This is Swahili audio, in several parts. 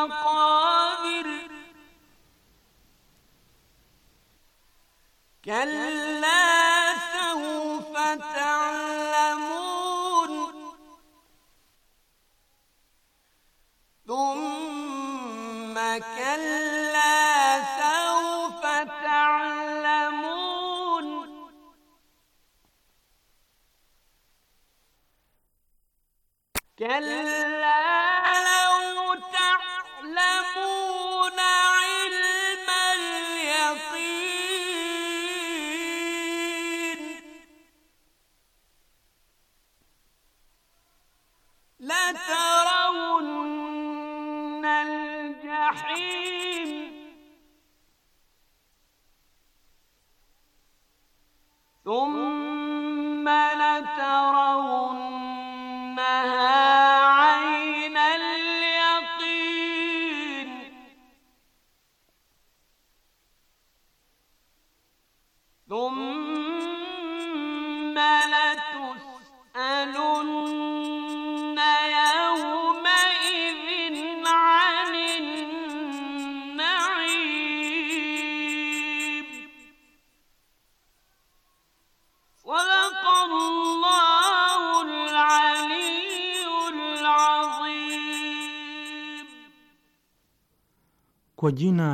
المقابر كلا سوف تعلمون ثم كلا سوف تعلمون كلا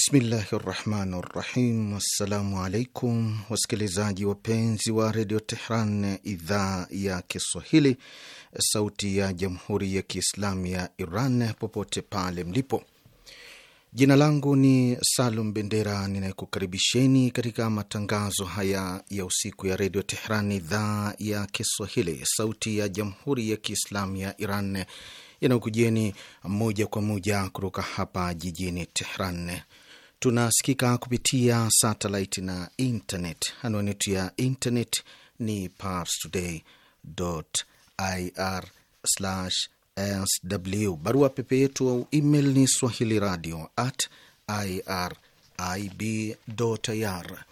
Bismillahi rahmani rahim. Wassalamu alaikum wasikilizaji wapenzi wa redio Tehran, idhaa ya Kiswahili, sauti ya jamhuri ya kiislamu ya Iran, popote pale mlipo. Jina langu ni Salum Bendera, ninayekukaribisheni katika matangazo haya ya usiku ya redio Tehran, idhaa ya Kiswahili, sauti ya jamhuri ya kiislamu ya Iran, yanayokujeni moja kwa moja kutoka hapa jijini Tehran. Tunasikika kupitia satelit na internet. Anwani yetu ya internet ni parstoday.ir/sw. Barua pepe yetu au email ni swahili radio at irib.ir.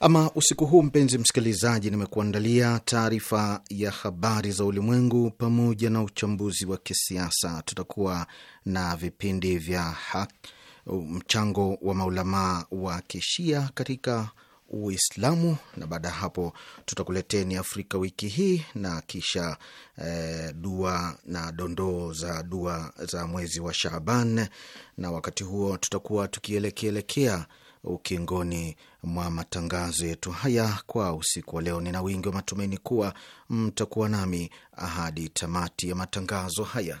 Ama usiku huu, mpenzi msikilizaji, nimekuandalia taarifa ya habari za ulimwengu pamoja na uchambuzi wa kisiasa. Tutakuwa na vipindi vya haki mchango wa maulamaa wa kishia katika Uislamu, na baada ya hapo tutakuleteni Afrika wiki hii na kisha eh, dua na dondoo za dua za mwezi wa Shaaban, na wakati huo tutakuwa tukielekeelekea ukingoni mwa matangazo yetu haya kwa usiku wa leo. Nina wingi wa matumaini kuwa mtakuwa nami ahadi tamati ya matangazo haya.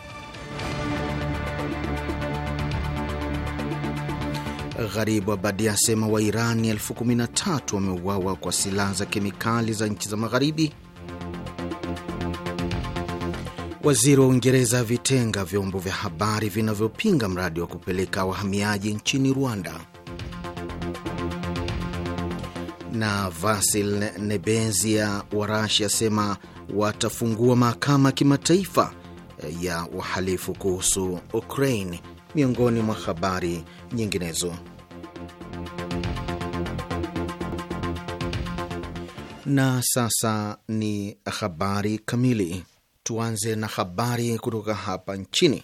Gharibu Abadi asema Wairani elfu kumi na tatu wameuawa kwa silaha za kemikali za nchi za Magharibi. Waziri wa Uingereza vitenga vyombo vya habari vinavyopinga mradi wa kupeleka wahamiaji nchini Rwanda. Na Vasil Nebenzia wa Rasia asema watafungua mahakama ya kimataifa ya uhalifu kuhusu Ukraine, miongoni mwa habari nyinginezo. Na sasa ni habari kamili. Tuanze na habari kutoka hapa nchini.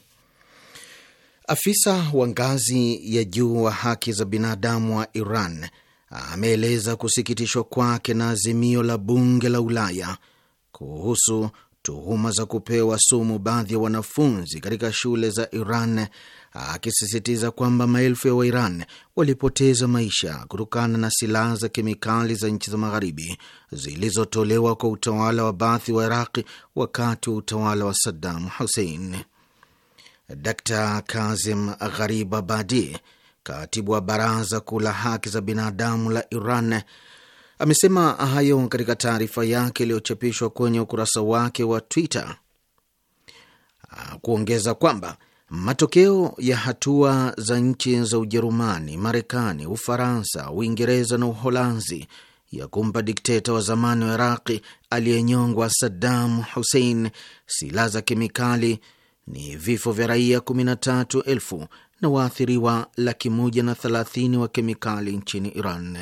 Afisa wa ngazi ya juu wa haki za binadamu wa Iran ameeleza kusikitishwa kwake na azimio la bunge la Ulaya kuhusu tuhuma za kupewa sumu baadhi ya wanafunzi katika shule za Iran akisisitiza kwamba maelfu ya Wairan walipoteza maisha kutokana na silaha za kemikali za nchi za magharibi zilizotolewa kwa utawala wa Baathi wa Iraqi wakati wa utawala wa Saddam Hussein. Dr Kazim Gharib Abadi, katibu wa Baraza Kuu la Haki za Binadamu la Iran, amesema hayo katika taarifa yake iliyochapishwa kwenye ukurasa wake wa Twitter, kuongeza kwamba Matokeo ya hatua za nchi za Ujerumani, Marekani, Ufaransa, Uingereza na Uholanzi ya kumpa dikteta wa zamani wa Iraqi aliyenyongwa Saddam Hussein silaha za kemikali ni vifo vya raia 13,000 na waathiriwa laki moja na thelathini wa kemikali nchini Iran.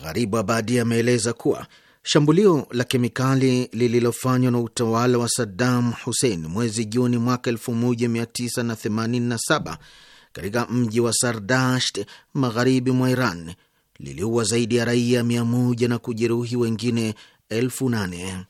Gharibu Abadi ameeleza kuwa Shambulio la kemikali lililofanywa na utawala wa Saddam Hussein mwezi Juni mwaka 1987 katika mji wa Sardasht magharibi mwa Iran liliua zaidi ya raia 100 na kujeruhi wengine elfu nane.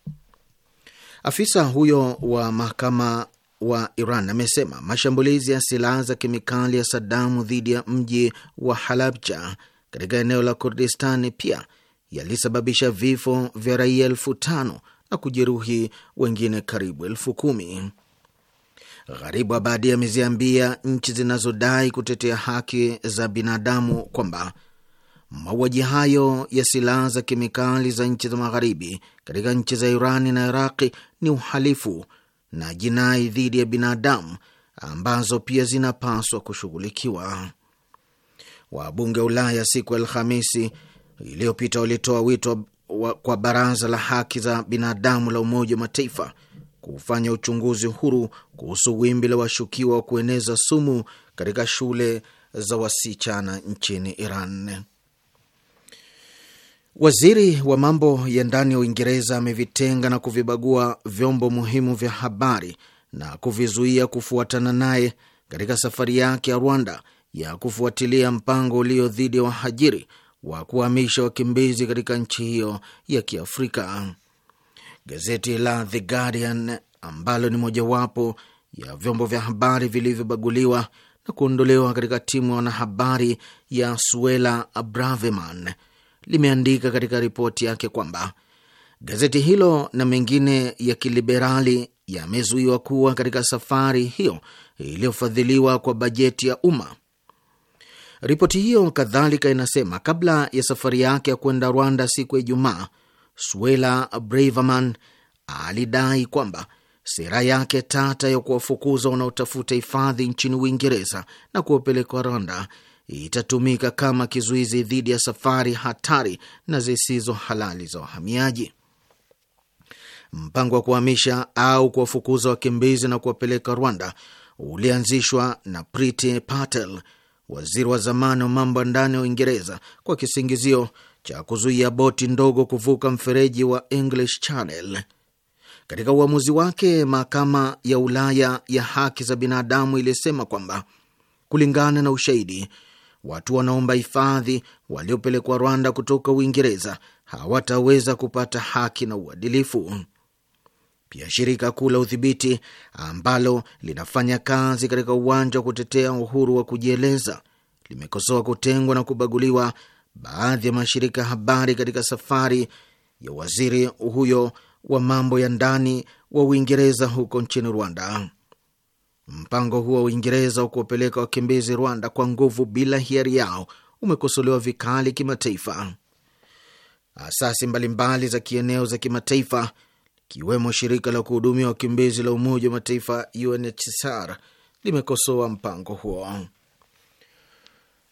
Afisa huyo wa mahakama wa Iran amesema mashambulizi ya silaha za kemikali ya Sadamu dhidi ya mji wa Halabja katika eneo la Kurdistani pia yalisababisha vifo vya raia elfu tano na kujeruhi wengine karibu elfu kumi. Gharibu Abadi ameziambia nchi zinazodai kutetea haki za binadamu kwamba mauaji hayo ya silaha za kemikali za nchi za magharibi katika nchi za Irani na Iraqi ni uhalifu na jinai dhidi ya binadamu ambazo pia zinapaswa kushughulikiwa. Wabunge wa Ulaya siku ya Alhamisi iliyopita walitoa wito wa kwa Baraza la Haki za Binadamu la Umoja wa Mataifa kufanya uchunguzi huru kuhusu wimbi la washukiwa wa kueneza sumu katika shule za wasichana nchini Iran. Waziri wa mambo ya ndani ya Uingereza amevitenga na kuvibagua vyombo muhimu vya habari na kuvizuia kufuatana naye katika safari yake ya Rwanda ya kufuatilia mpango ulio dhidi ya wahajiri wa kuhamisha wakimbizi katika nchi hiyo ya Kiafrika. Gazeti la The Guardian ambalo ni mojawapo ya vyombo vya habari vilivyobaguliwa na kuondolewa katika timu ya wanahabari ya Suela Braverman limeandika katika ripoti yake kwamba gazeti hilo na mengine ya kiliberali yamezuiwa kuwa katika safari hiyo iliyofadhiliwa kwa bajeti ya umma Ripoti hiyo kadhalika inasema kabla ya safari yake ya kwenda Rwanda siku ya Ijumaa, swela Braverman alidai kwamba sera yake tata ya kuwafukuza wanaotafuta hifadhi nchini Uingereza na kuwapeleka Rwanda itatumika kama kizuizi dhidi ya safari hatari na zisizo halali za wahamiaji. Mpango wa kuhamisha au kuwafukuza wakimbizi na kuwapeleka Rwanda ulianzishwa na Priti Patel, waziri wa zamani wa mambo ya ndani wa Uingereza kwa kisingizio cha kuzuia boti ndogo kuvuka mfereji wa English Channel. Katika uamuzi wake, mahakama ya Ulaya ya haki za binadamu ilisema kwamba kulingana na ushahidi, watu wanaomba hifadhi waliopelekwa Rwanda kutoka Uingereza hawataweza kupata haki na uadilifu. Pia shirika kuu la udhibiti ambalo linafanya kazi katika uwanja wa kutetea uhuru wa kujieleza limekosoa kutengwa na kubaguliwa baadhi ya mashirika ya habari katika safari ya waziri huyo wa mambo ya ndani wa Uingereza huko nchini Rwanda. Mpango huo wa Uingereza wa kuwapeleka wakimbizi Rwanda kwa nguvu bila hiari yao umekosolewa vikali kimataifa. Asasi mbalimbali za kieneo za kimataifa ikiwemo shirika la kuhudumia wakimbizi la Umoja wa Mataifa UNHCR limekosoa mpango huo.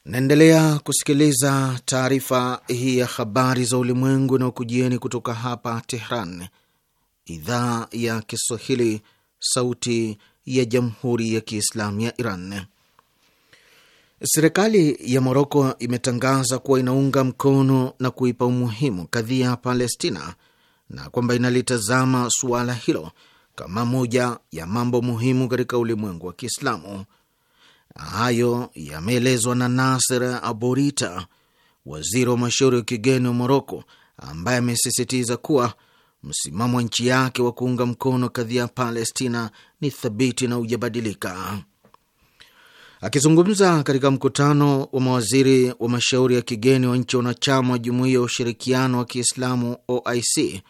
Naendelea kusikiliza taarifa hii ya habari za ulimwengu na ukujieni kutoka hapa Tehran, idhaa ya Kiswahili, sauti ya jamhuri ya kiislamu ya Iran. Serikali ya Moroko imetangaza kuwa inaunga mkono na kuipa umuhimu kadhia ya Palestina na kwamba inalitazama suala hilo kama moja ya mambo muhimu katika ulimwengu wa Kiislamu. Hayo yameelezwa na Nasser Aborita, waziri wa mashauri ya kigeni wa Moroko, ambaye amesisitiza kuwa msimamo wa nchi yake wa kuunga mkono kadhia ya Palestina ni thabiti na hujabadilika. Akizungumza katika mkutano wa mawaziri wa mashauri ya kigeni wa nchi wanachama wa jumuiya ya ushirikiano wa Kiislamu, OIC,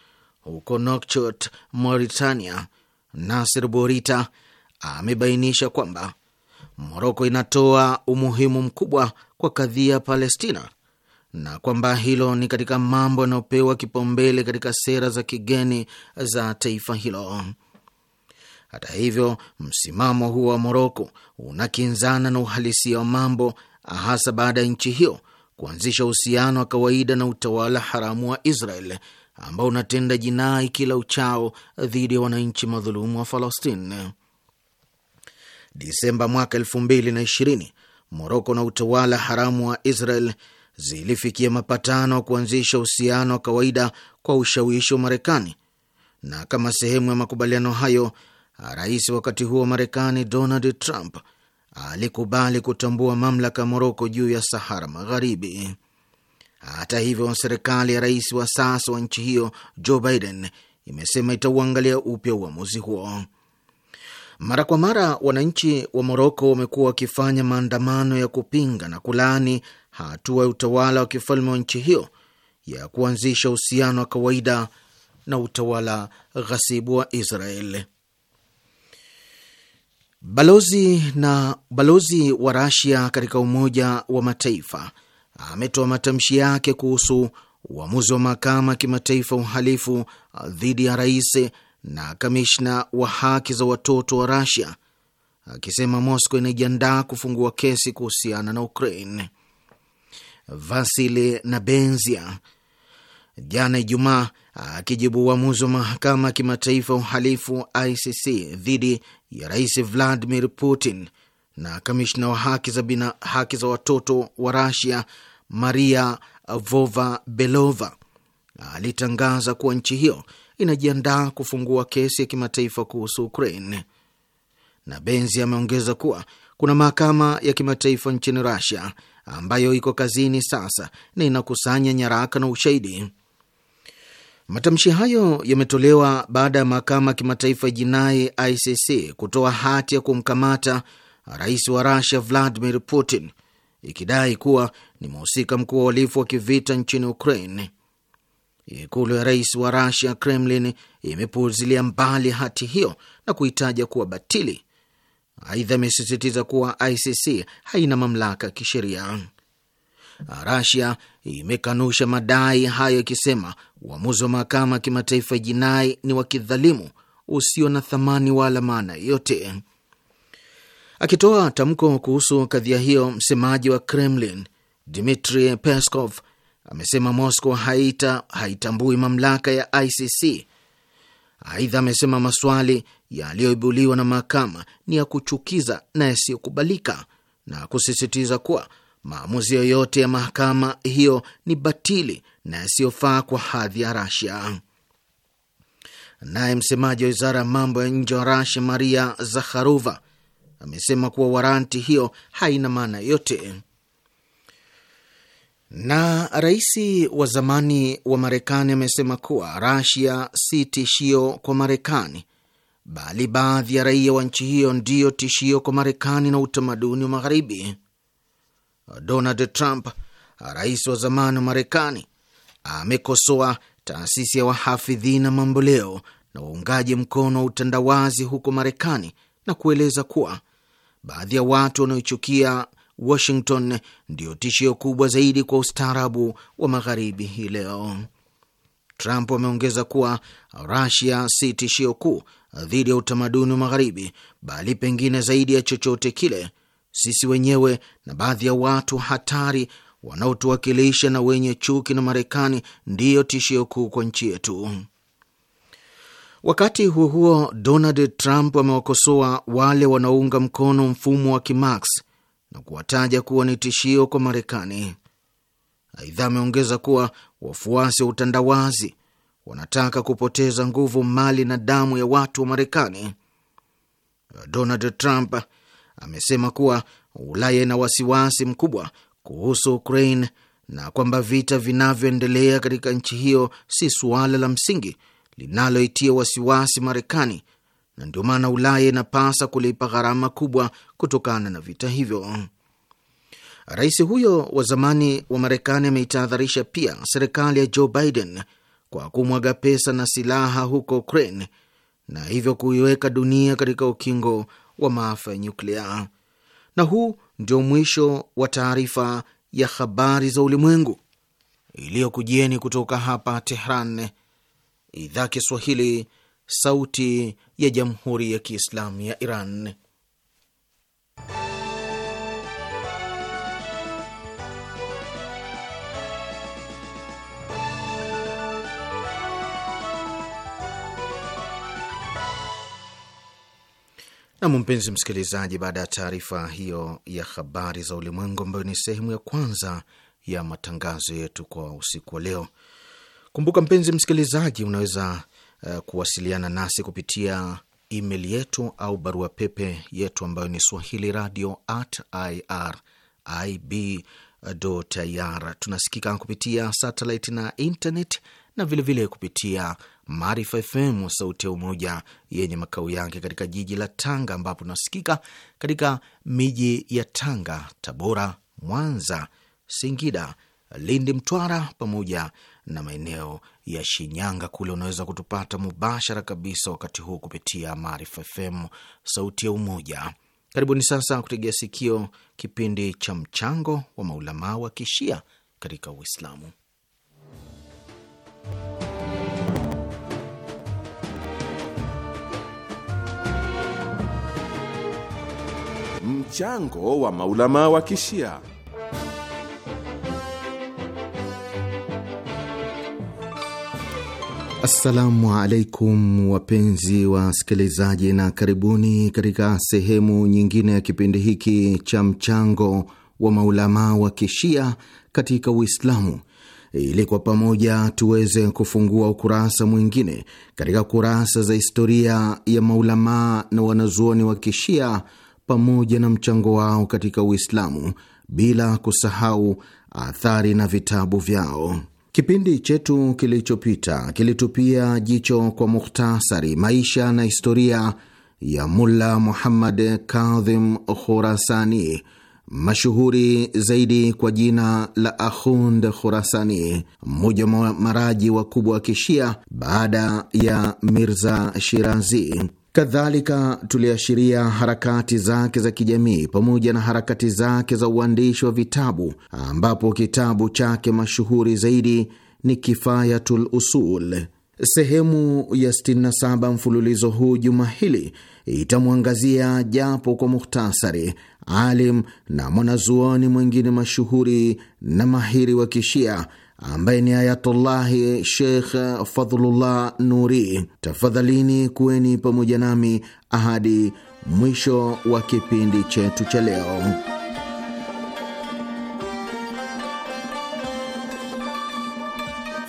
huko Nokchot, Mauritania, Nasir Bourita amebainisha kwamba Moroko inatoa umuhimu mkubwa kwa kadhia Palestina na kwamba hilo ni katika mambo yanayopewa kipaumbele katika sera za kigeni za taifa hilo. Hata hivyo, msimamo huo wa Moroko unakinzana na uhalisia wa mambo, hasa baada ya nchi hiyo kuanzisha uhusiano wa kawaida na utawala haramu wa Israel ambao unatenda jinai kila uchao dhidi ya wananchi madhulumu wa Falastini. Disemba mwaka elfu mbili na ishirini, Moroko na utawala haramu wa Israel zilifikia mapatano ya kuanzisha uhusiano wa kawaida kwa ushawishi wa Marekani, na kama sehemu ya makubaliano hayo, rais wakati huo wa Marekani Donald Trump alikubali kutambua mamlaka ya Moroko juu ya Sahara Magharibi. Hata hivyo, serikali ya rais wa sasa wa nchi hiyo Joe Biden imesema itauangalia upya uamuzi huo. Mara kwa mara wananchi wa Moroko wamekuwa wakifanya maandamano ya kupinga na kulaani hatua ya utawala wa kifalme wa nchi hiyo ya kuanzisha uhusiano wa kawaida na utawala ghasibu wa Israel. Balozi na balozi wa Rasia katika Umoja wa Mataifa ametoa matamshi yake kuhusu uamuzi wa mahakama ya kimataifa uhalifu uh, dhidi ya rais na kamishna wa haki za watoto wa Rasia akisema Moscow inajiandaa kufungua kesi kuhusiana na Ukraine. Vasili Nabenzia jana Ijumaa akijibu uamuzi wa mahakama ya kimataifa uhalifu ICC dhidi ya rais Vladimir Putin na kamishna wa haki za, bina, haki za watoto wa Rasia Maria Vova Belova alitangaza kuwa nchi hiyo inajiandaa kufungua kesi ya kimataifa kuhusu Ukraine. Na Benzi ameongeza kuwa kuna mahakama ya kimataifa nchini rasia ambayo iko kazini sasa na inakusanya nyaraka na ushahidi. Matamshi hayo yametolewa baada ya mahakama ya kimataifa ya jinai ICC kutoa hati ya kumkamata rais wa rasia Vladimir Putin ikidai kuwa ni mhusika mkuu wa uhalifu wa kivita nchini Ukraine. Ikulu ya rais wa Rusia, Kremlin, imepuuzilia mbali hati hiyo na kuitaja kuwa batili. Aidha, imesisitiza kuwa ICC haina mamlaka ya kisheria. Rasia imekanusha madai hayo ikisema uamuzi wa mahakama ya kimataifa ya jinai ni wa kidhalimu usio na thamani wala maana yoyote. Akitoa tamko kuhusu kadhia hiyo, msemaji wa Kremlin Dmitri Peskov amesema Moscow haita haitambui mamlaka ya ICC. Aidha, amesema maswali yaliyoibuliwa na mahakama ni ya kuchukiza na yasiyokubalika na kusisitiza kuwa maamuzi yoyote ya mahakama hiyo ni batili na yasiyofaa kwa hadhi ya Rasia. Naye msemaji wa wizara ya mambo ya nje wa Rasia, Maria Zakharova, amesema kuwa waranti hiyo haina maana yote na rais wa zamani wa Marekani amesema kuwa Rasia si tishio kwa Marekani, bali baadhi ya raia wa nchi hiyo ndiyo tishio kwa Marekani na utamaduni wa Magharibi. Donald Trump, rais wa zamani wa Marekani, amekosoa taasisi ya wahafidhina mamboleo na waungaji mkono wa utandawazi huko Marekani na kueleza kuwa baadhi ya watu wanaochukia Washington ndiyo tishio kubwa zaidi kwa ustaarabu wa magharibi hii leo. Trump ameongeza kuwa Rasia si tishio kuu dhidi ya utamaduni wa magharibi, bali pengine zaidi ya chochote kile, sisi wenyewe na baadhi ya watu hatari wanaotuwakilisha na wenye chuki na Marekani ndiyo tishio kuu kwa nchi yetu. Wakati huo huo, Donald Trump amewakosoa wale wanaounga mkono mfumo wa Kimarx na kuwataja kuwa ni tishio kwa Marekani. Aidha, ameongeza kuwa wafuasi wa utandawazi wanataka kupoteza nguvu, mali na damu ya watu wa Marekani. Donald Trump amesema kuwa Ulaya ina wasiwasi mkubwa kuhusu Ukraine na kwamba vita vinavyoendelea katika nchi hiyo si suala la msingi linaloitia wasiwasi Marekani na ndio maana Ulaya inapasa kulipa gharama kubwa kutokana na vita hivyo. Rais huyo wa zamani wa Marekani ameitahadharisha pia serikali ya Joe Biden kwa kumwaga pesa na silaha huko Ukraine na hivyo kuiweka dunia katika ukingo wa maafa ya nyuklia. Na huu ndio mwisho wa taarifa ya habari za ulimwengu iliyokujieni kutoka hapa Tehran, idhaa Kiswahili, Sauti ya Jamhuri ya Kiislamu ya Iran. Nam, mpenzi msikilizaji, baada ya taarifa hiyo ya habari za ulimwengu ambayo ni sehemu ya kwanza ya matangazo yetu kwa usiku wa leo, kumbuka mpenzi msikilizaji, unaweza Eh, kuwasiliana nasi kupitia email yetu au barua pepe yetu ambayo ni swahili radio at irib .ir. Tunasikika kupitia satellite na internet na vilevile vile kupitia Maarifa FM sauti ya Umoja yenye makao yake katika jiji la Tanga, ambapo tunasikika katika miji ya Tanga, Tabora, Mwanza, Singida, Lindi, Mtwara pamoja na maeneo ya Shinyanga kule, unaweza kutupata mubashara kabisa wakati huu kupitia Maarifa FM, sauti ya Umoja. Karibuni sasa kutegea sikio kipindi cha mchango wa maulamaa wa kishia katika Uislamu. Mchango wa maulamaa wa kishia Assalamu alaikum wapenzi sikilizaji, na karibuni katika sehemu nyingine ya kipindi hiki cha mchango wa maulamaa wa kishia katika Uislamu, ili kwa pamoja tuweze kufungua ukurasa mwingine katika kurasa za historia ya maulamaa na wanazuoni wa kishia pamoja na mchango wao katika Uislamu, bila kusahau athari na vitabu vyao. Kipindi chetu kilichopita kilitupia jicho kwa mukhtasari maisha na historia ya Mulla Muhammad Kadhim Khurasani, mashuhuri zaidi kwa jina la Akhund Khurasani, mmoja wa maraji wakubwa wa Kishia baada ya Mirza Shirazi. Kadhalika tuliashiria harakati zake za kijamii pamoja na harakati zake za uandishi wa vitabu ambapo kitabu chake mashuhuri zaidi ni Kifayatul Usul. Sehemu ya 67 mfululizo huu juma hili itamwangazia japo kwa muhtasari alim na mwanazuoni mwingine mashuhuri na mahiri wa Kishia ambaye ni Ayatullahi Sheikh Fadhlullah Nuri. Tafadhalini kuweni pamoja nami ahadi mwisho wa kipindi chetu cha leo.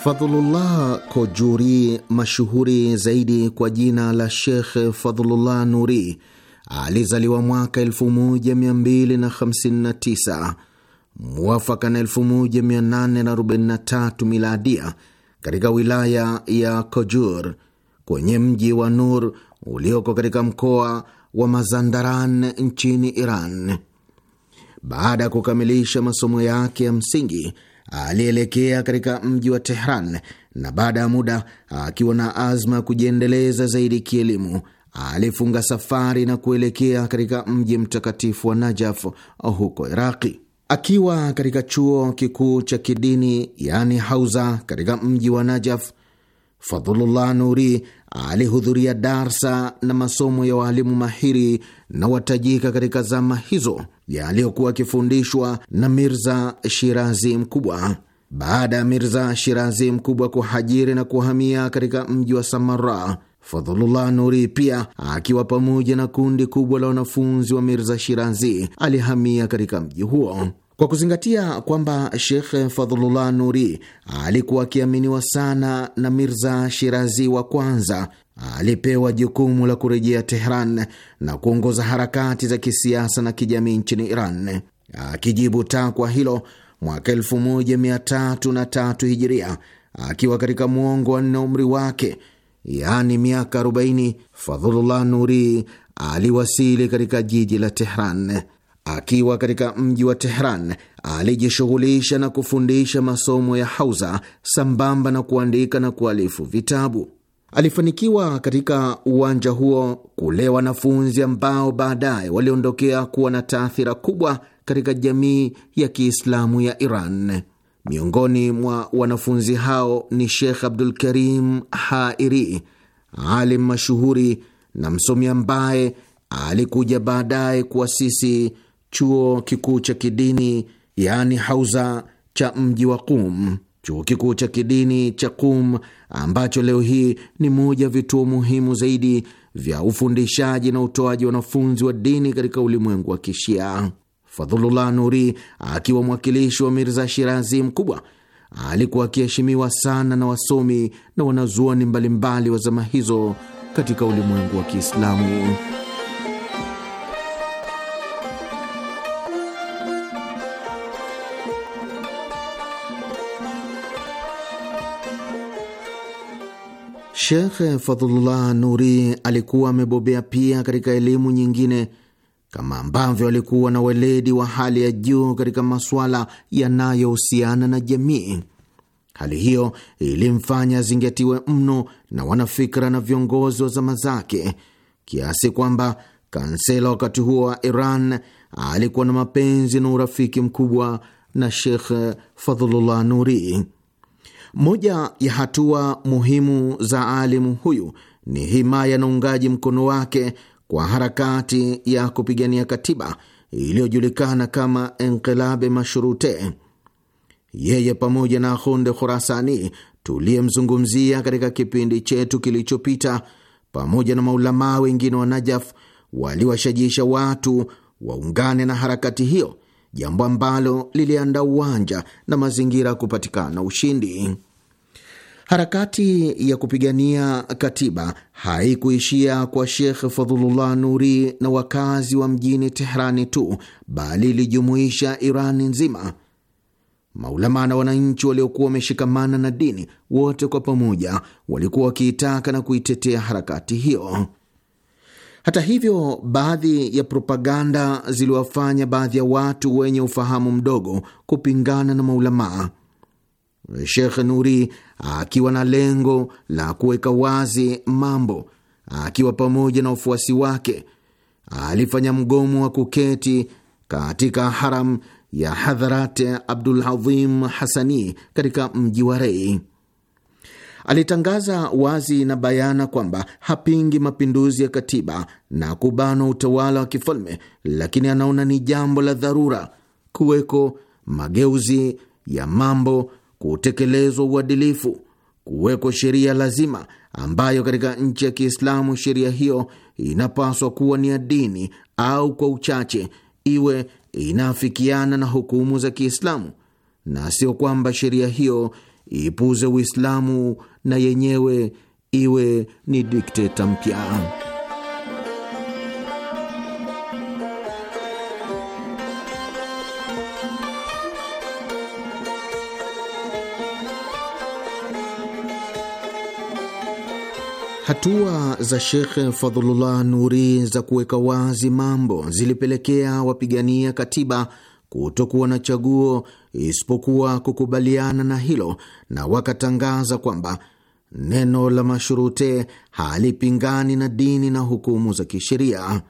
Fadhlullah Kojuri, mashuhuri zaidi kwa jina la Sheikh Fadhlullah Nuri, alizaliwa mwaka 1259 mwafaka na 1843 miladia katika wilaya ya Kojur kwenye mji wa Nur ulioko katika mkoa wa Mazandaran nchini Iran. Baada ya kukamilisha masomo yake ya msingi, alielekea katika mji wa Tehran, na baada ya muda, akiwa na azma ya kujiendeleza zaidi kielimu, alifunga safari na kuelekea katika mji mtakatifu wa Najaf huko Iraqi. Akiwa katika chuo kikuu cha kidini yani hauza katika mji wa Najaf, Fadhulullah Nuri alihudhuria darsa na masomo ya waalimu mahiri na watajika katika zama hizo yaliyokuwa akifundishwa na Mirza Shirazi Mkubwa. Baada ya Mirza Shirazi Mkubwa kuhajiri na kuhamia katika mji wa Samara, Fadhulullah Nuri pia akiwa pamoja na kundi kubwa la wanafunzi wa Mirza Shirazi alihamia katika mji huo. Kwa kuzingatia kwamba Shekh Fadhlullah Nuri alikuwa akiaminiwa sana na Mirza Shirazi wa kwanza, alipewa jukumu la kurejea Tehran na kuongoza harakati za kisiasa na kijamii nchini Iran. Akijibu takwa hilo mwaka 1303 Hijiria, akiwa katika mwongo wa nne umri wake, yaani miaka 40, Fadhlullah Nuri aliwasili katika jiji la Tehran. Akiwa katika mji wa Tehran alijishughulisha na kufundisha masomo ya hauza sambamba na kuandika na kualifu vitabu. Alifanikiwa katika uwanja huo kule wanafunzi ambao baadaye waliondokea kuwa na taathira kubwa katika jamii ya Kiislamu ya Iran. Miongoni mwa wanafunzi hao ni Shekh Abdul Karim Hairi, alim mashuhuri na msomi ambaye alikuja baadaye kuasisi chuo kikuu cha kidini yaani hauza cha mji wa Qum. Chuo kikuu cha kidini cha Qum ambacho leo hii ni moja vituo muhimu zaidi vya ufundishaji na utoaji wanafunzi wa dini katika ulimwengu wa Kishia. Fadhulullah Nuri akiwa mwakilishi wa Mirza Shirazi mkubwa alikuwa akiheshimiwa sana na wasomi na wanazuoni mbalimbali wa zama hizo katika ulimwengu wa Kiislamu. shekh Fadhulullah Nuri alikuwa amebobea pia katika elimu nyingine kama ambavyo alikuwa na weledi wa hali ya juu katika masuala yanayohusiana na jamii. Hali hiyo ilimfanya azingatiwe mno na wanafikra na viongozi wa zama zake, kiasi kwamba kansela wakati huo wa Iran alikuwa na mapenzi na urafiki mkubwa na Shekh Fadhulullah Nuri. Moja ya hatua muhimu za alimu huyu ni himaya na uungaji mkono wake kwa harakati ya kupigania katiba iliyojulikana kama Enkelabe mashurute Yeye pamoja na Hunde Khurasani tuliyemzungumzia katika kipindi chetu kilichopita, pamoja na maulamaa wengine wa Najaf waliwashajisha watu waungane na harakati hiyo jambo ambalo liliandaa uwanja na mazingira kupatikana ushindi. Harakati ya kupigania katiba haikuishia kwa Shekh Fadhulullah Nuri na wakazi wa mjini Tehrani tu, bali ilijumuisha Irani nzima. Maulama na wananchi waliokuwa wameshikamana na dini, wote kwa pamoja walikuwa wakiitaka na kuitetea harakati hiyo. Hata hivyo, baadhi ya propaganda ziliwafanya baadhi ya watu wenye ufahamu mdogo kupingana na maulamaa. Shekh Nuri akiwa na lengo la kuweka wazi mambo, akiwa pamoja na wafuasi wake, alifanya mgomo wa kuketi katika haram ya Hadharat Abdulazim Hasani katika mji wa Rei. Alitangaza wazi na bayana kwamba hapingi mapinduzi ya katiba na kubanwa utawala wa kifalme, lakini anaona ni jambo la dharura kuweko mageuzi ya mambo, kutekelezwa uadilifu, kuweko sheria lazima, ambayo katika nchi ya Kiislamu sheria hiyo inapaswa kuwa ni ya dini au kwa uchache iwe inaafikiana na hukumu za Kiislamu na sio kwamba sheria hiyo ipuze Uislamu na yenyewe iwe ni dikteta mpya. Hatua za shekhe Fadhulullah Nuri za kuweka wazi mambo zilipelekea wapigania katiba kutokuwa na chaguo isipokuwa kukubaliana na hilo, na wakatangaza kwamba neno la mashurute halipingani na dini na hukumu za kisheria.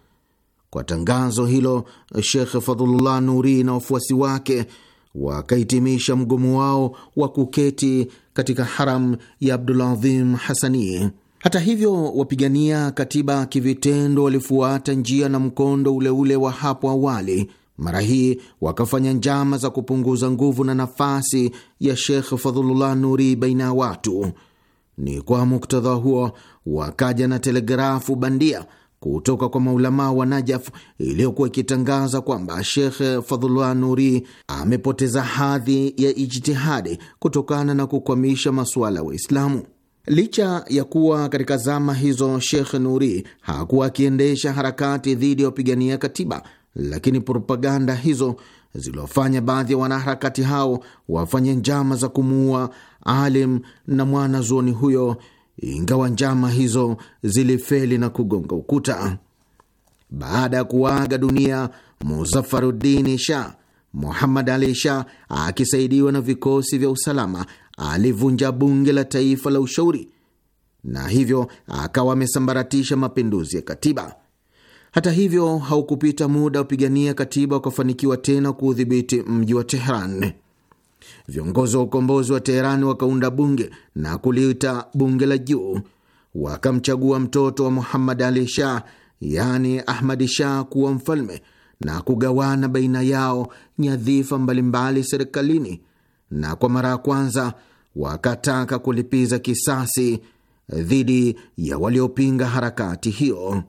Kwa tangazo hilo, Shekh Fadhulullah Nuri na wafuasi wake wakahitimisha mgomo wao wa kuketi katika haram ya Abduladhim Hasani. Hata hivyo, wapigania katiba kivitendo walifuata njia na mkondo uleule ule wa hapo awali mara hii wakafanya njama za kupunguza nguvu na nafasi ya Shekh Fadhulullah Nuri baina ya watu. Ni kwa muktadha huo wakaja na telegrafu bandia kutoka kwa maulamaa wa Najaf iliyokuwa ikitangaza kwamba Shekh Fadhullah Nuri amepoteza hadhi ya ijtihadi kutokana na kukwamisha masuala ya Waislamu. Licha ya kuwa katika zama hizo Shekh Nuri hakuwa akiendesha harakati dhidi ya wapigania katiba lakini propaganda hizo ziliofanya baadhi ya wanaharakati hao wafanye njama za kumuua alim na mwana zuoni huyo, ingawa njama hizo zilifeli na kugonga ukuta. Baada ya kuaga dunia Muzafarudini Shah, Muhammad Ali Shah akisaidiwa na vikosi vya usalama alivunja bunge la taifa la ushauri na hivyo akawa amesambaratisha mapinduzi ya katiba. Hata hivyo, haukupita muda wapigania katiba wakafanikiwa tena kuudhibiti mji wa Tehran. Viongozi wa ukombozi wa Teherani wakaunda bunge na kuliita bunge la juu. Wakamchagua mtoto wa Muhammad Ali Shah, yani Ahmadi Shah, kuwa mfalme na kugawana baina yao nyadhifa mbalimbali serikalini, na kwa mara ya kwanza wakataka kulipiza kisasi dhidi ya waliopinga harakati hiyo.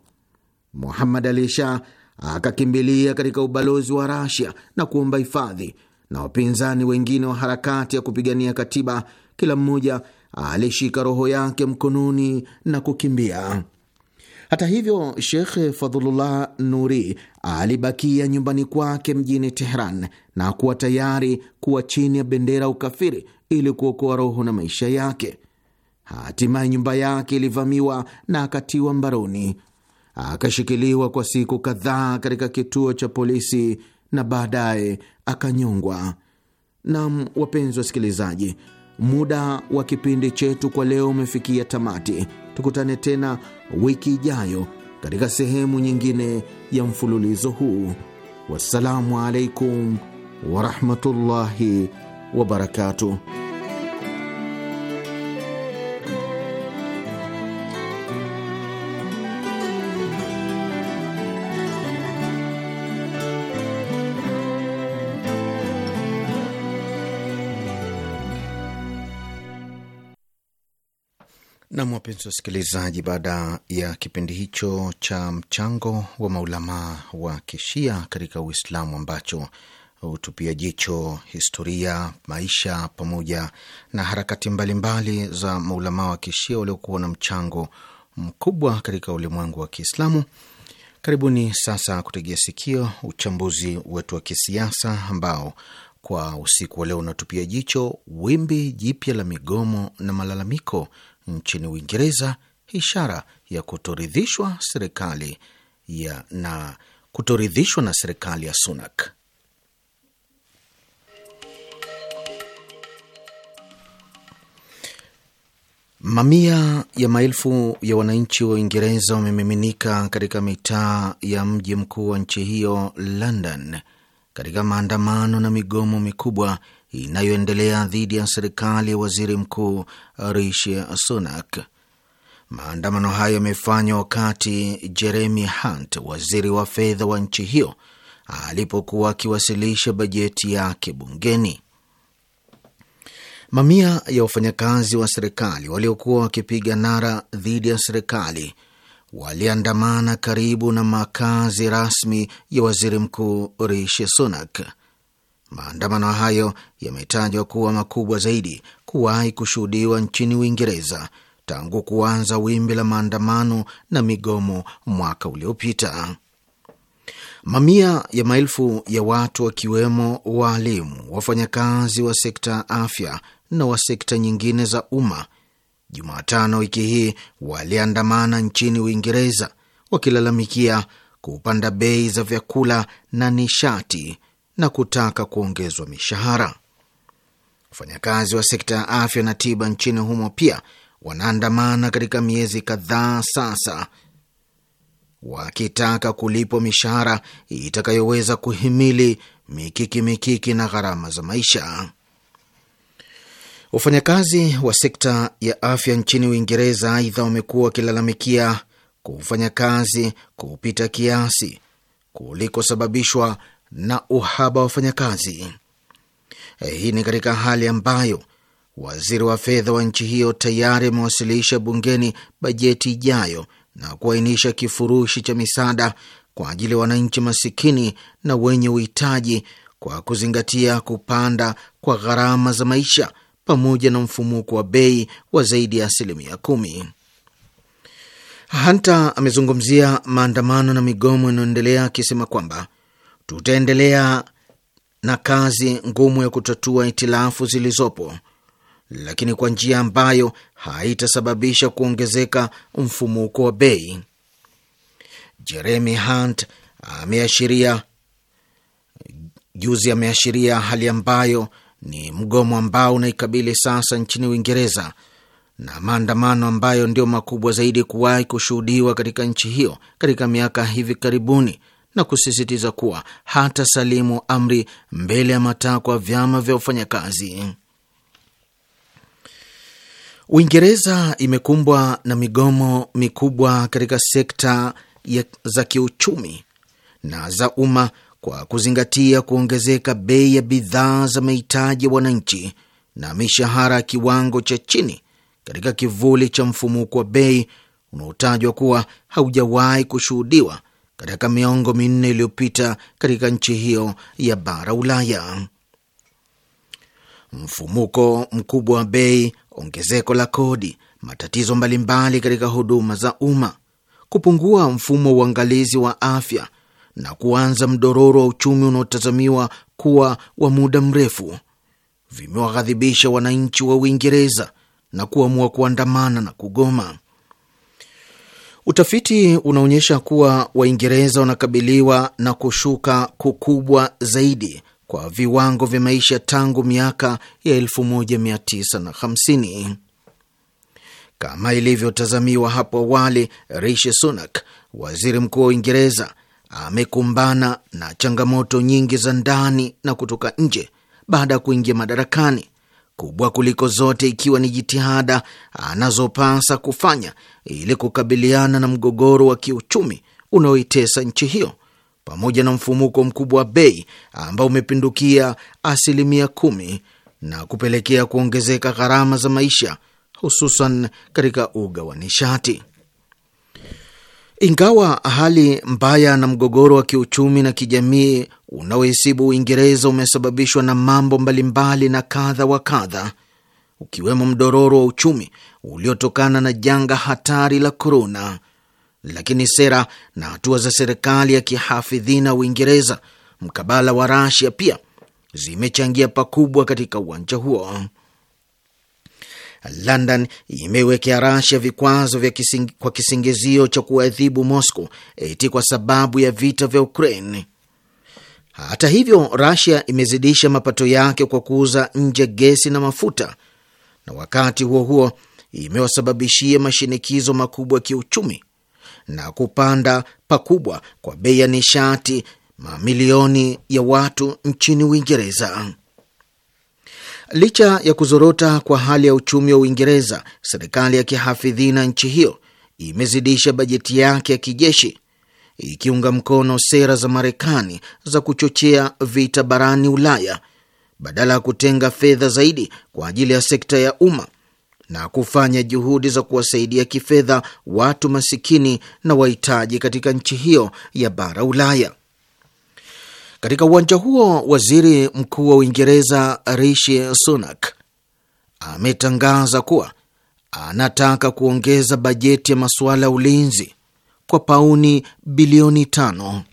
Muhammad Ali Shah akakimbilia katika ubalozi wa Rasia na kuomba hifadhi, na wapinzani wengine wa harakati ya kupigania katiba, kila mmoja alishika roho yake mkononi na kukimbia. Hata hivyo, Shekh Fadhulullah Nuri alibakia nyumbani kwake mjini Tehran na kuwa tayari kuwa chini ya bendera ukafiri ili kuokoa roho na maisha yake. Hatimaye nyumba yake ilivamiwa na akatiwa mbaroni akashikiliwa kwa siku kadhaa katika kituo cha polisi na baadaye akanyongwa. Nam, wapenzi wasikilizaji, muda wa kipindi chetu kwa leo umefikia tamati. Tukutane tena wiki ijayo katika sehemu nyingine ya mfululizo huu. Wassalamu alaikum warahmatullahi wabarakatuh. Wapenzi wasikilizaji, baada ya kipindi hicho cha mchango wa maulamaa wa kishia katika Uislamu ambacho hutupia jicho historia, maisha pamoja na harakati mbalimbali mbali za maulamaa wa kishia waliokuwa na mchango mkubwa katika ulimwengu wa Kiislamu. Karibuni sasa kutegea sikio uchambuzi wetu wa kisiasa ambao kwa usiku wa leo unatupia jicho wimbi jipya la migomo na malalamiko nchini Uingereza, ishara ya kutoridhishwa serikali ya na kutoridhishwa na serikali ya Sunak. Mamia ya maelfu ya wananchi wa Uingereza wamemiminika katika mitaa ya mji mkuu wa nchi hiyo London, katika maandamano na migomo mikubwa inayoendelea dhidi ya serikali ya waziri mkuu Rishi Sunak. Maandamano hayo yamefanywa wakati Jeremy Hunt, waziri wa fedha wa nchi hiyo, alipokuwa akiwasilisha bajeti yake bungeni. Mamia ya wafanyakazi wa serikali waliokuwa wakipiga nara dhidi ya serikali waliandamana karibu na makazi rasmi ya waziri mkuu Rishi Sunak. Maandamano hayo yametajwa kuwa makubwa zaidi kuwahi kushuhudiwa nchini Uingereza tangu kuanza wimbi la maandamano na migomo mwaka uliopita. Mamia ya maelfu ya watu wakiwemo waalimu, wafanyakazi wa sekta ya afya na wa sekta nyingine za umma, Jumatano wiki hii waliandamana nchini Uingereza wakilalamikia kupanda bei za vyakula na nishati na kutaka kuongezwa mishahara. Wafanyakazi wa sekta ya afya na tiba nchini humo pia wanaandamana katika miezi kadhaa sasa, wakitaka kulipwa mishahara itakayoweza kuhimili mikiki mikiki na gharama za maisha. Wafanyakazi wa sekta ya afya nchini Uingereza aidha wamekuwa wakilalamikia kufanya kazi kupita kiasi kulikosababishwa na uhaba wa wafanyakazi. Hii ni katika hali ambayo waziri wa fedha wa nchi hiyo tayari amewasilisha bungeni bajeti ijayo na kuainisha kifurushi cha misaada kwa ajili ya wananchi masikini na wenye uhitaji kwa kuzingatia kupanda kwa gharama za maisha pamoja na mfumuko wa bei wa zaidi ya asilimia kumi. Hanta amezungumzia maandamano na migomo inayoendelea akisema kwamba Tutaendelea na kazi ngumu ya kutatua itilafu zilizopo, lakini kwa njia ambayo haitasababisha kuongezeka mfumuko wa bei. Jeremy Hunt ameashiria juzi, ameashiria hali ambayo ni mgomo ambao unaikabili sasa nchini Uingereza na maandamano ambayo ndio makubwa zaidi kuwahi kushuhudiwa katika nchi hiyo katika miaka hivi karibuni na kusisitiza kuwa hata salimu amri mbele ya matakwa ya vyama vya wafanyakazi. Uingereza imekumbwa na migomo mikubwa katika sekta ya za kiuchumi na za umma kwa kuzingatia kuongezeka bei ya bidhaa za mahitaji ya wananchi na mishahara ya kiwango cha chini katika kivuli cha mfumuko wa bei unaotajwa kuwa haujawahi kushuhudiwa katika miongo minne iliyopita katika nchi hiyo ya bara Ulaya. Mfumuko mkubwa wa bei, ongezeko la kodi, matatizo mbalimbali katika huduma za umma, kupungua mfumo wa uangalizi wa afya na kuanza mdororo wa uchumi unaotazamiwa kuwa wa muda mrefu vimewaghadhibisha wananchi wa Uingereza na kuamua kuandamana na kugoma. Utafiti unaonyesha kuwa Waingereza wanakabiliwa na kushuka kukubwa zaidi kwa viwango vya maisha tangu miaka ya 1950. Kama ilivyotazamiwa hapo awali, Rishi Sunak, waziri mkuu wa Uingereza, amekumbana na changamoto nyingi za ndani na kutoka nje baada ya kuingia madarakani kubwa kuliko zote ikiwa ni jitihada anazopasa kufanya ili kukabiliana na mgogoro wa kiuchumi unaoitesa nchi hiyo pamoja na mfumuko mkubwa wa bei ambao umepindukia asilimia kumi na kupelekea kuongezeka gharama za maisha hususan katika uga wa nishati. Ingawa hali mbaya na mgogoro wa kiuchumi na kijamii unaohesibu Uingereza umesababishwa na mambo mbalimbali na kadha wa kadha, ukiwemo mdororo wa uchumi uliotokana na janga hatari la korona, lakini sera na hatua za serikali ya kihafidhina Uingereza mkabala wa Rasia pia zimechangia pakubwa katika uwanja huo. London imewekea Rasia vikwazo vya kising, kwa kisingizio cha kuadhibu mosco eti kwa sababu ya vita vya Ukraine. Hata hivyo, Rasia imezidisha mapato yake kwa kuuza nje gesi na mafuta, na wakati huo huo imewasababishia mashinikizo makubwa ya kiuchumi na kupanda pakubwa kwa bei ya nishati mamilioni ya watu nchini Uingereza. Licha ya kuzorota kwa hali ya uchumi wa Uingereza, serikali ya kihafidhina nchi hiyo imezidisha bajeti yake ya kijeshi ikiunga mkono sera za Marekani za kuchochea vita barani Ulaya badala ya kutenga fedha zaidi kwa ajili ya sekta ya umma na kufanya juhudi za kuwasaidia kifedha watu masikini na wahitaji katika nchi hiyo ya bara Ulaya. Katika uwanja huo, waziri mkuu wa Uingereza Rishi Sunak ametangaza kuwa anataka kuongeza bajeti ya masuala ya ulinzi kwa pauni bilioni tano.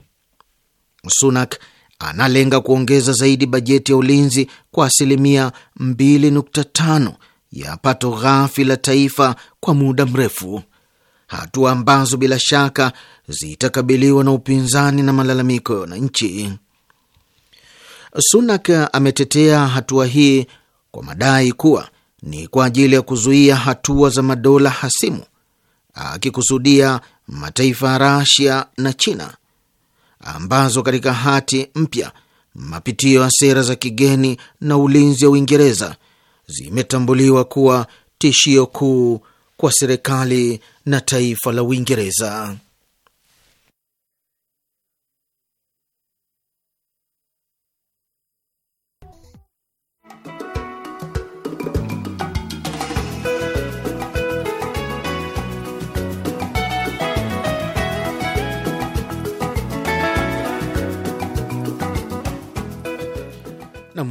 Sunak analenga kuongeza zaidi bajeti ya ulinzi kwa asilimia 2.5 ya pato ghafi la taifa kwa muda mrefu, hatua ambazo bila shaka zitakabiliwa na upinzani na malalamiko ya wananchi. Sunak ametetea hatua hii kwa madai kuwa ni kwa ajili ya kuzuia hatua za madola hasimu, akikusudia mataifa ya Rasia na China ambazo katika hati mpya mapitio ya sera za kigeni na ulinzi wa Uingereza zimetambuliwa kuwa tishio kuu kwa serikali na taifa la Uingereza.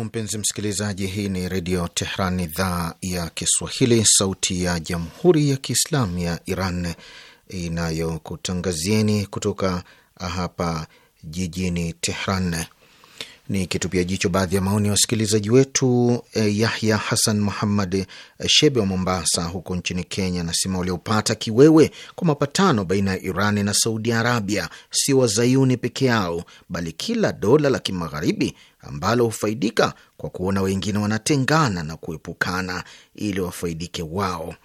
mpenzi msikilizaji, hii ni Redio Tehran, idhaa ya Kiswahili, sauti ya Jamhuri ya Kiislamu ya Iran inayokutangazieni kutoka hapa jijini Tehran. Ni kitupia jicho baadhi ya maoni ya wasikilizaji wetu. Eh, Yahya Hasan Muhammad Shebe wa Mombasa huko nchini Kenya anasema waliopata kiwewe kwa mapatano baina ya iran na Saudi Arabia si wazayuni peke yao, bali kila dola la kimagharibi ambalo hufaidika kwa kuona wengine wanatengana na kuepukana ili wafaidike wao.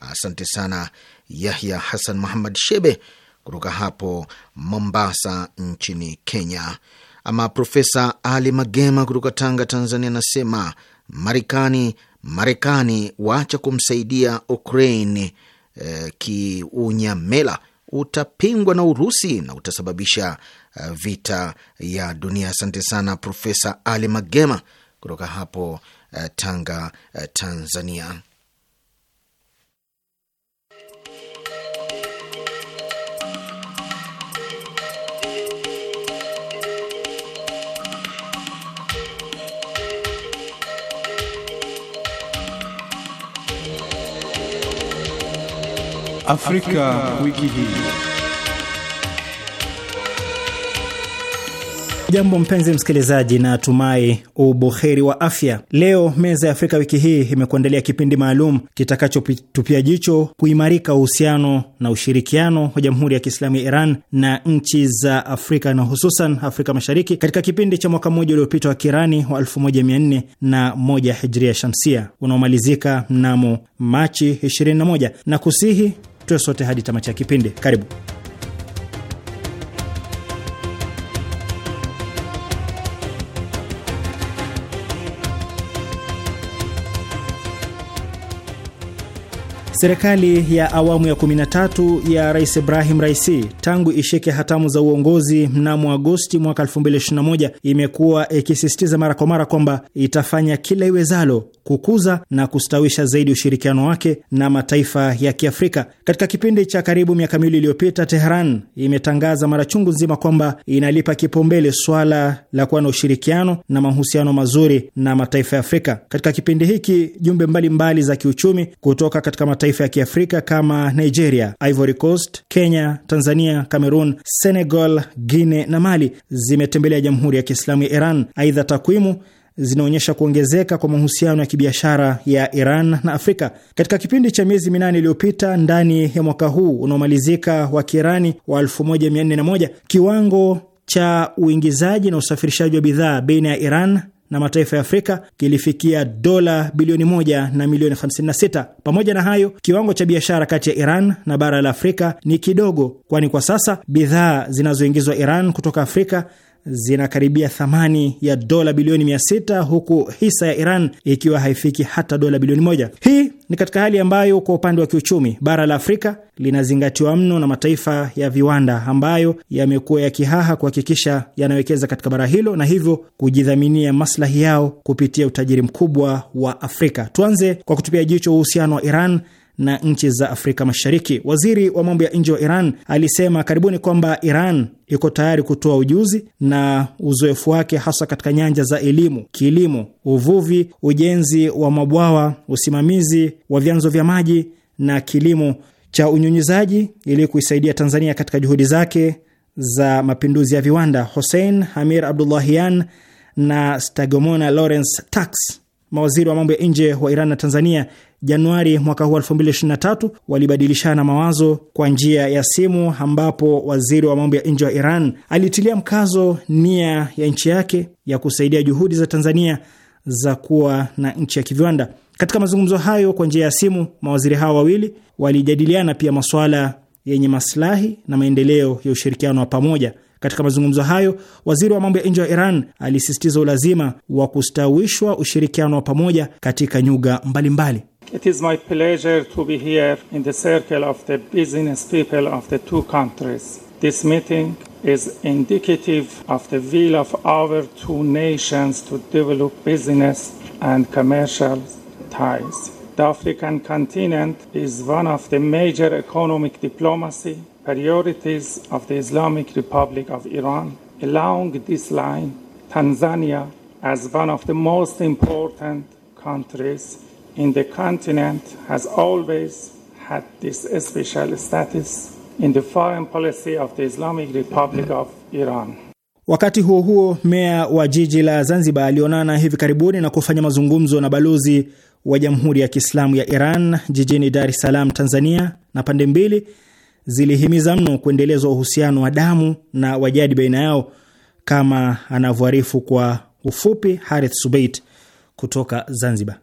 Asante sana Yahya Hasan Muhammad Shebe kutoka hapo Mombasa nchini Kenya. Ama Profesa Ali Magema kutoka Tanga, Tanzania anasema Marekani, Marekani waacha kumsaidia Ukraine eh, kiunyamela utapingwa na Urusi na utasababisha Eh, vita ya dunia. Asante sana Profesa Ali Magema kutoka hapo eh, Tanga, eh, Tanzania. Afrika, Afrika wiki hii. jambo mpenzi msikilizaji, na tumai ubuheri wa afya. Leo meza ya Afrika wiki hii imekuandalia kipindi maalum kitakachotupia jicho kuimarika uhusiano na ushirikiano wa Jamhuri ya Kiislamu ya Iran na nchi za Afrika na hususan Afrika Mashariki katika kipindi cha mwaka mmoja uliopita wa kirani wa 1401 hijria shamsia unaomalizika mnamo Machi 21 na kusihi tuwe sote hadi tamati ya kipindi. Karibu. Serikali ya awamu ya 13 ya Rais Ibrahim Raisi tangu ishike hatamu za uongozi mnamo Agosti mwaka 2021 imekuwa ikisisitiza mara kwa mara kwamba itafanya kila iwezalo kukuza na kustawisha zaidi ushirikiano wake na mataifa ya Kiafrika. Katika kipindi cha karibu miaka miwili iliyopita, teheran imetangaza mara chungu nzima kwamba inalipa kipaumbele swala la kuwa na ushirikiano na mahusiano mazuri na mataifa ya Afrika. Katika kipindi hiki, jumbe mbalimbali mbali za kiuchumi kutoka katika mataifa mataifa ya Kiafrika kama Nigeria, Ivory Coast, Kenya, Tanzania, Cameroon, Senegal, Guinea na Mali zimetembelea Jamhuri ya Kiislamu ya Iran. Aidha, takwimu zinaonyesha kuongezeka kwa mahusiano ya kibiashara ya Iran na Afrika katika kipindi cha miezi minane iliyopita. Ndani ya mwaka huu unaomalizika wa Kiirani wa 1401 kiwango cha uingizaji na usafirishaji wa bidhaa baina ya Iran na mataifa ya Afrika kilifikia dola bilioni moja na milioni 56. Pamoja na hayo, kiwango cha biashara kati ya Iran na bara la Afrika ni kidogo, kwani kwa sasa bidhaa zinazoingizwa Iran kutoka Afrika zinakaribia thamani ya dola bilioni sita huku hisa ya Iran ikiwa haifiki hata dola bilioni moja. Hii ni katika hali ambayo kwa upande wa kiuchumi bara la Afrika linazingatiwa mno na mataifa ya viwanda ambayo yamekuwa yakihaha kuhakikisha yanawekeza katika bara hilo na hivyo kujidhaminia maslahi yao kupitia utajiri mkubwa wa Afrika. Tuanze kwa kutupia jicho uhusiano wa Iran na nchi za Afrika Mashariki. Waziri wa mambo ya nje wa Iran alisema karibuni kwamba Iran iko tayari kutoa ujuzi na uzoefu wake hasa katika nyanja za elimu, kilimo, uvuvi, ujenzi wa mabwawa, usimamizi wa vyanzo vya maji na kilimo cha unyunyizaji ili kuisaidia Tanzania katika juhudi zake za mapinduzi ya viwanda. hossein Hamir Abdullahian na Stagomona Lawrence Tax, mawaziri wa mambo ya nje wa Iran na Tanzania Januari mwaka huu 2023 walibadilishana mawazo kwa njia ya simu, ambapo waziri wa mambo ya nje wa Iran alitilia mkazo nia ya nchi yake ya kusaidia juhudi za Tanzania za kuwa na nchi ya kiviwanda. Katika mazungumzo hayo kwa njia ya simu, mawaziri hao wawili walijadiliana pia masuala yenye maslahi na maendeleo ya ushirikiano wa pamoja. Katika mazungumzo hayo, waziri wa mambo ya nje wa Iran alisisitiza ulazima wa kustawishwa ushirikiano wa pamoja katika nyuga mbalimbali mbali. It is my pleasure to be here in the circle of the business people of the two countries. This meeting is indicative of the will of our two nations to develop business and commercial ties. The African continent is one of the major economic diplomacy priorities of the Islamic Republic of Iran. Along this line, Tanzania, as one of the most important countries in the continent has always had this special status in the foreign policy of the Islamic Republic of Iran. Wakati huo huo, meya wa jiji la Zanzibar alionana hivi karibuni na kufanya mazungumzo na balozi wa Jamhuri ya Kiislamu ya Iran jijini Dar es Salaam, Tanzania, na pande mbili zilihimiza mno kuendelezwa uhusiano wa damu na wajadi baina yao, kama anavyoarifu kwa ufupi Harith Subait kutoka Zanzibar.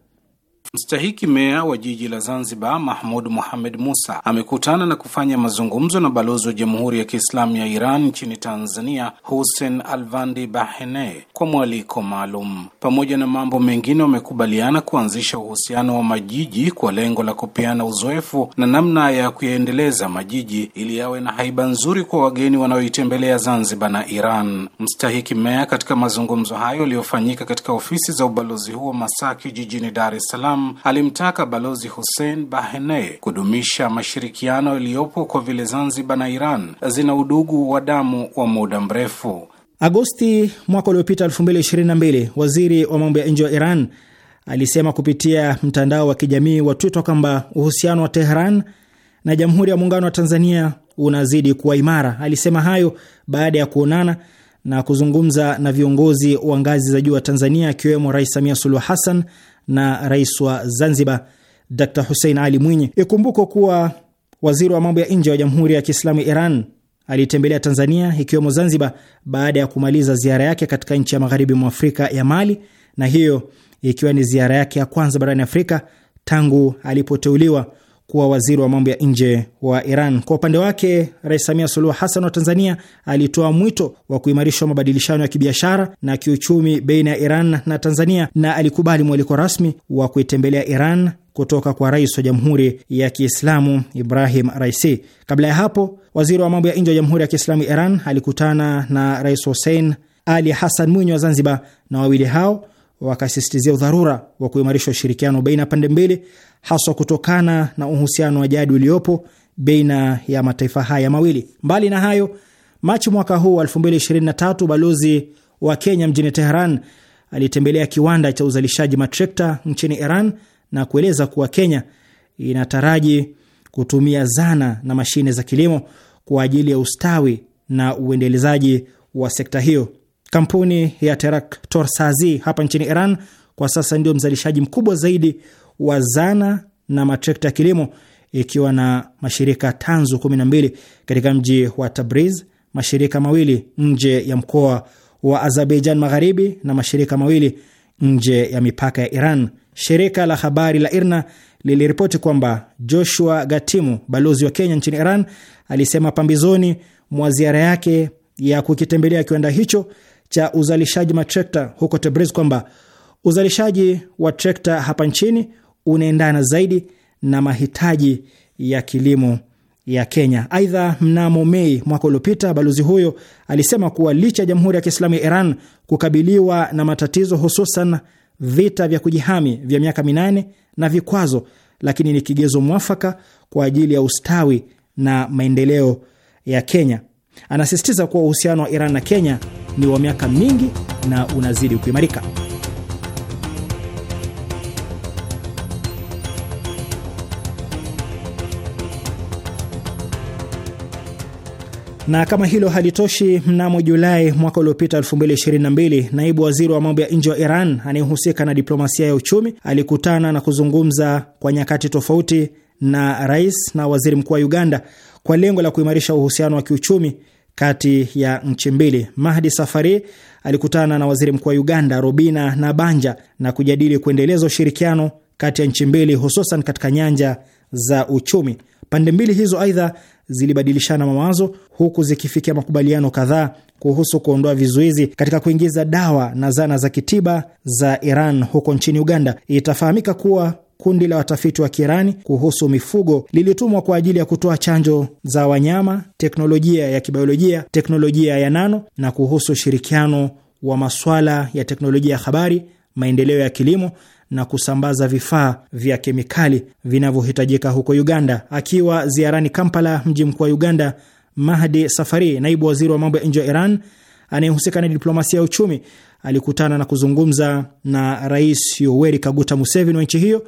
Mstahiki meya wa jiji la Zanzibar Mahmud Muhamed Musa amekutana na kufanya mazungumzo na balozi wa Jamhuri ya Kiislamu ya Iran nchini Tanzania Hussein Alvandi Bahene kwa mwaliko maalum. Pamoja na mambo mengine, wamekubaliana kuanzisha uhusiano wa majiji kwa lengo la kupeana uzoefu na namna ya kuyaendeleza majiji ili yawe na haiba nzuri kwa wageni wanaoitembelea Zanzibar na Iran. Mstahiki meya katika mazungumzo hayo yaliyofanyika katika ofisi za ubalozi huo Masaki jijini Dar es Salaam Salaam alimtaka Balozi Hussein Bahene kudumisha mashirikiano yaliyopo kwa vile Zanzibar na Iran zina udugu wa damu wa muda mrefu. Agosti mwaka uliopita 2022, waziri wa mambo ya nje wa Iran alisema kupitia mtandao wa kijamii wa Twitter kwamba uhusiano wa Tehran na Jamhuri ya Muungano wa Tanzania unazidi kuwa imara. Alisema hayo baada ya kuonana na kuzungumza na viongozi wa ngazi za juu wa Tanzania akiwemo Rais Samia Suluhu Hassan na rais wa Zanzibar Dr Hussein Ali Mwinyi. Ikumbukwa kuwa waziri wa mambo ya nje wa Jamhuri ya Kiislamu Iran alitembelea Tanzania ikiwemo Zanzibar baada ya kumaliza ziara yake katika nchi ya magharibi mwa Afrika ya Mali, na hiyo ikiwa ni ziara yake ya kwanza barani Afrika tangu alipoteuliwa kuwa waziri wa mambo ya nje wa Iran. Kwa upande wake, Rais Samia Suluhu Hassan wa Tanzania alitoa mwito wa kuimarishwa mabadilishano ya kibiashara na kiuchumi baina ya Iran na Tanzania na alikubali mwaliko rasmi wa kuitembelea Iran kutoka kwa rais wa Jamhuri ya Kiislamu Ibrahim Raisi. Kabla ya hapo, waziri wa mambo ya nje wa Jamhuri ya Kiislamu Iran alikutana na Rais Hussein Ali Hassan Mwinyi wa Zanzibar, na wawili hao wakasisitizia udharura wa kuimarisha ushirikiano baina ya pande mbili, haswa kutokana na uhusiano wa jadi uliopo baina ya mataifa haya mawili. Mbali na hayo, Machi mwaka huu 2023, balozi wa Kenya mjini Teheran alitembelea kiwanda cha uzalishaji matrekta nchini Iran na kueleza kuwa Kenya inataraji kutumia zana na mashine za kilimo kwa ajili ya ustawi na uendelezaji wa sekta hiyo. Kampuni ya Sazi hapa nchini Iran kwa sasa ndio mzalishaji mkubwa zaidi wa zana na matrekta ya kilimo ikiwa na mashirika tanzu 12 katika mji wa Tabriz, mashirika mawili nje ya mkoa wa Azerbaijan Magharibi na mashirika mawili nje ya mipaka ya Iran. Shirika la habari la IRNA liliripoti kwamba Joshua Gatimu, balozi wa Kenya nchini Iran, alisema pambizoni mwa ziara yake ya kukitembelea kiwanda hicho cha uzalishaji matrekta huko Tebriz kwamba uzalishaji wa trekta hapa nchini unaendana zaidi na mahitaji ya kilimo ya Kenya. Aidha, mnamo Mei mwaka uliopita, balozi huyo alisema kuwa licha ya Jamhuri ya Kiislamu ya Iran kukabiliwa na matatizo, hususan vita vya kujihami vya miaka minane na vikwazo, lakini ni kigezo mwafaka kwa ajili ya ustawi na maendeleo ya Kenya. Anasisitiza kuwa uhusiano wa Iran na Kenya ni wa miaka mingi na unazidi kuimarika. Na kama hilo halitoshi, mnamo Julai mwaka uliopita 2022, naibu waziri wa mambo ya nje wa Iran anayehusika na diplomasia ya uchumi alikutana na kuzungumza kwa nyakati tofauti na rais na waziri mkuu wa Uganda kwa lengo la kuimarisha uhusiano wa kiuchumi kati ya nchi mbili. Mahdi Safari alikutana na waziri mkuu wa Uganda Robina Nabanja na kujadili kuendeleza ushirikiano kati ya nchi mbili, hususan katika nyanja za uchumi. Pande mbili hizo aidha zilibadilishana mawazo huku zikifikia makubaliano kadhaa kuhusu kuondoa vizuizi katika kuingiza dawa na zana za kitiba za Iran huko nchini Uganda. Itafahamika kuwa kundi la watafiti wa Kirani kuhusu mifugo lilitumwa kwa ajili ya kutoa chanjo za wanyama, teknolojia ya kibiolojia, teknolojia ya nano na kuhusu ushirikiano wa maswala ya teknolojia ya habari, maendeleo ya kilimo na kusambaza vifaa vya kemikali vinavyohitajika huko Uganda. Akiwa ziarani Kampala, mji mkuu wa Uganda, Mahdi Safari, naibu waziri wa mambo ya nje wa Iran anayehusika na diplomasia ya uchumi, alikutana na kuzungumza na Rais Yoweri Kaguta Museveni wa nchi hiyo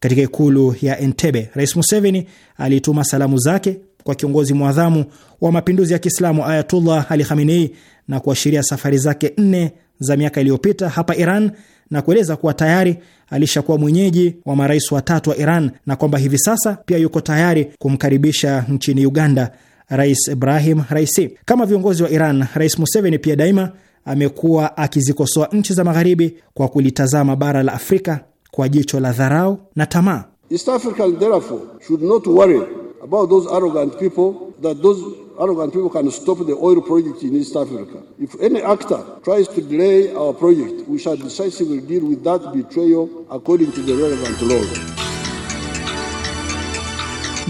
katika ikulu ya Entebbe. Rais Museveni alituma salamu zake kwa kiongozi mwadhamu wa mapinduzi ya Kiislamu Ayatullah Ali Khamenei na kuashiria safari zake nne za miaka iliyopita hapa Iran na kueleza kuwa tayari alishakuwa mwenyeji wa marais watatu wa Iran na kwamba hivi sasa pia yuko tayari kumkaribisha nchini Uganda Rais Ibrahim Raisi. Kama viongozi wa Iran, Rais Museveni pia daima amekuwa akizikosoa nchi za Magharibi kwa kulitazama bara la Afrika kwa jicho la dharau na tamaa. East African therefore should not worry about those arrogant people that those arrogant people can stop the oil project in East Africa. If any actor tries to delay our project, we shall decisively deal with that betrayal according to the relevant laws.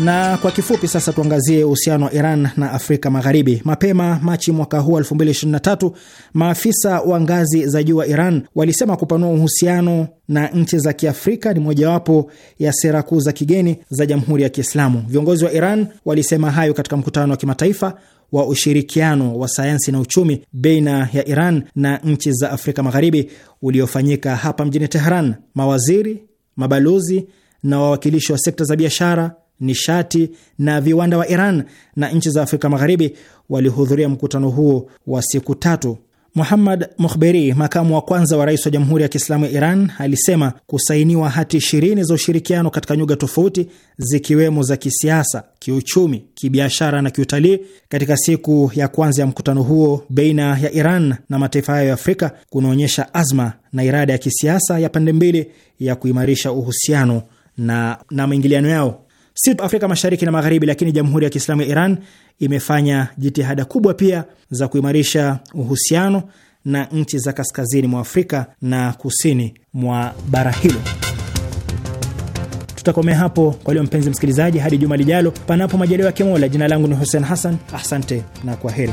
Na kwa kifupi sasa tuangazie uhusiano wa Iran na Afrika Magharibi. Mapema Machi mwaka huu 2023, maafisa wa ngazi za juu wa Iran walisema kupanua uhusiano na nchi za Kiafrika ni mojawapo ya sera kuu za kigeni za Jamhuri ya Kiislamu. Viongozi wa Iran walisema hayo katika mkutano wa kimataifa wa ushirikiano wa sayansi na uchumi baina ya Iran na nchi za Afrika Magharibi uliofanyika hapa mjini Tehran. Mawaziri, mabalozi na wawakilishi wa sekta za biashara nishati na viwanda wa Iran na nchi za Afrika Magharibi walihudhuria mkutano huo wa siku tatu. Muhammad Mukhberi, makamu wa kwanza wa rais wa Jamhuri ya Kiislamu ya Iran, alisema kusainiwa hati ishirini za ushirikiano katika nyuga tofauti zikiwemo za kisiasa, kiuchumi, kibiashara na kiutalii katika siku ya kwanza ya mkutano huo baina ya Iran na mataifa hayo ya Afrika kunaonyesha azma na irada ya kisiasa ya pande mbili ya kuimarisha uhusiano na, na maingiliano yao si Afrika Mashariki na Magharibi, lakini Jamhuri ya Kiislamu ya Iran imefanya jitihada kubwa pia za kuimarisha uhusiano na nchi za kaskazini mwa Afrika na kusini mwa bara hilo. Tutakomea hapo kwa leo, mpenzi msikilizaji, hadi juma lijalo, panapo majaliwa ya Kimola. Jina langu ni Hussein Hassan, asante na kwa heri.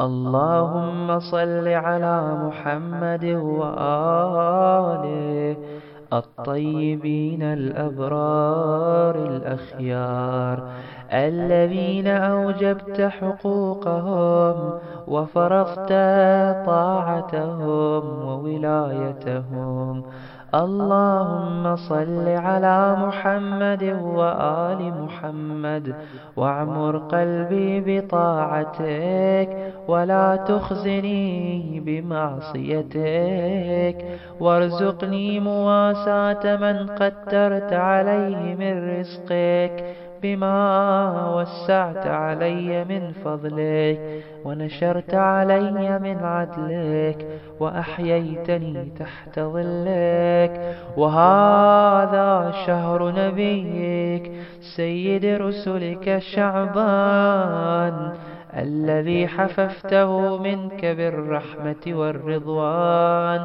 اللهم صل على محمد وآله الطيبين الأبرار الأخيار الذين أوجبت حقوقهم وفرضت طاعتهم وولايتهم اللهم صل على محمد وآل محمد واعمر قلبي بطاعتك ولا تخزني بمعصيتك وارزقني مواسع وسعة من قدرت عليه من رزقك بما وسعت علي من فضلك ونشرت علي من عدلك وأحييتني تحت ظلك وهذا شهر نبيك سيد رسلك شعبان الذي حففته منك بالرحمة والرضوان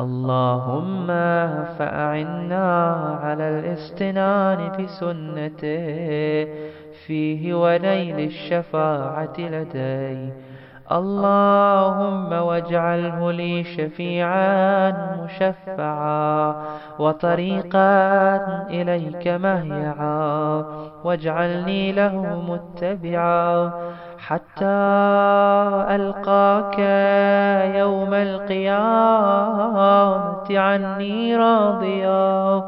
اللهم فأعنا على الاستنان بسنته فيه ونيل الشفاعة لديه اللهم واجعله لي شفيعا مشفعا وطريقا إليك مهيعا واجعلني له متبعا حتى ألقاك يوم القيامة عني راضيا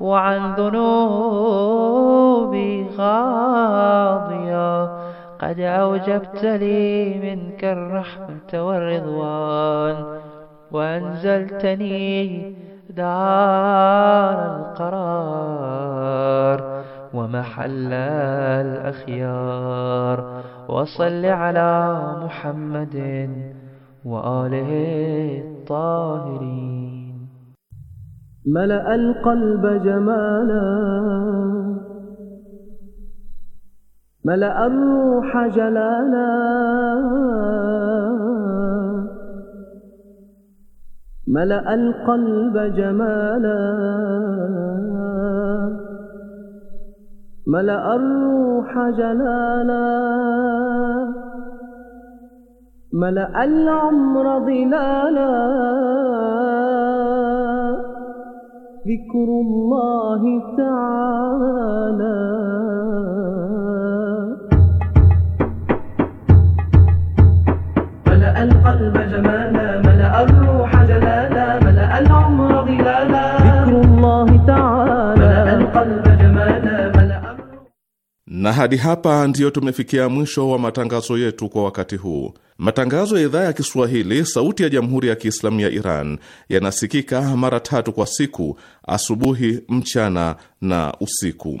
وعن ذنوبي غاضيا قد أوجبت لي منك الرحمة والرضوان وأنزلتني دار القرار ومحل الأخيار وصل على محمد وآله الطاهرين ملأ القلب جمالا ملأ الروح جلالا ملأ القلب جمالا ملأ الروح جلالا ملأ العمر ظلالا ذكر الله تعالى القلب جمالا ملأ الروح جلالا ملأ العمر ظلالا ذكر الله تعالى ملأ القلب جمالا na hadi hapa ndiyo tumefikia mwisho wa matangazo yetu kwa wakati huu. Matangazo ya idhaa ya Kiswahili sauti ya jamhuri ya Kiislamu ya Iran yanasikika mara tatu kwa siku: asubuhi, mchana na usiku.